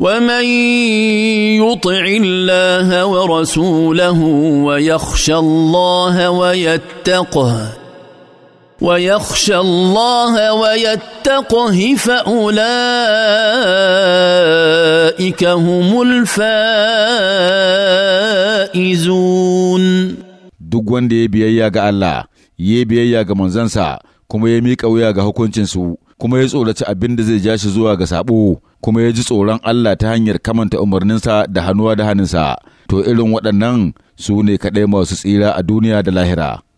ومن يطع الله ورسوله ويخشى الله ويتقه ويخشى الله ويتقه فأولئك هم الفائزون duk wanda ya biyayya ga Allah ya biyayya ga manzansa kuma ya miƙa wuya ga hukuncinsu kuma ya tsoraci abin da zai ja shi zuwa ga sabo kuma ya ji tsoron Allah ta hanyar kamanta umarninsa da hannuwa da hannunsa to irin waɗannan su ne kaɗai masu tsira a duniya da lahira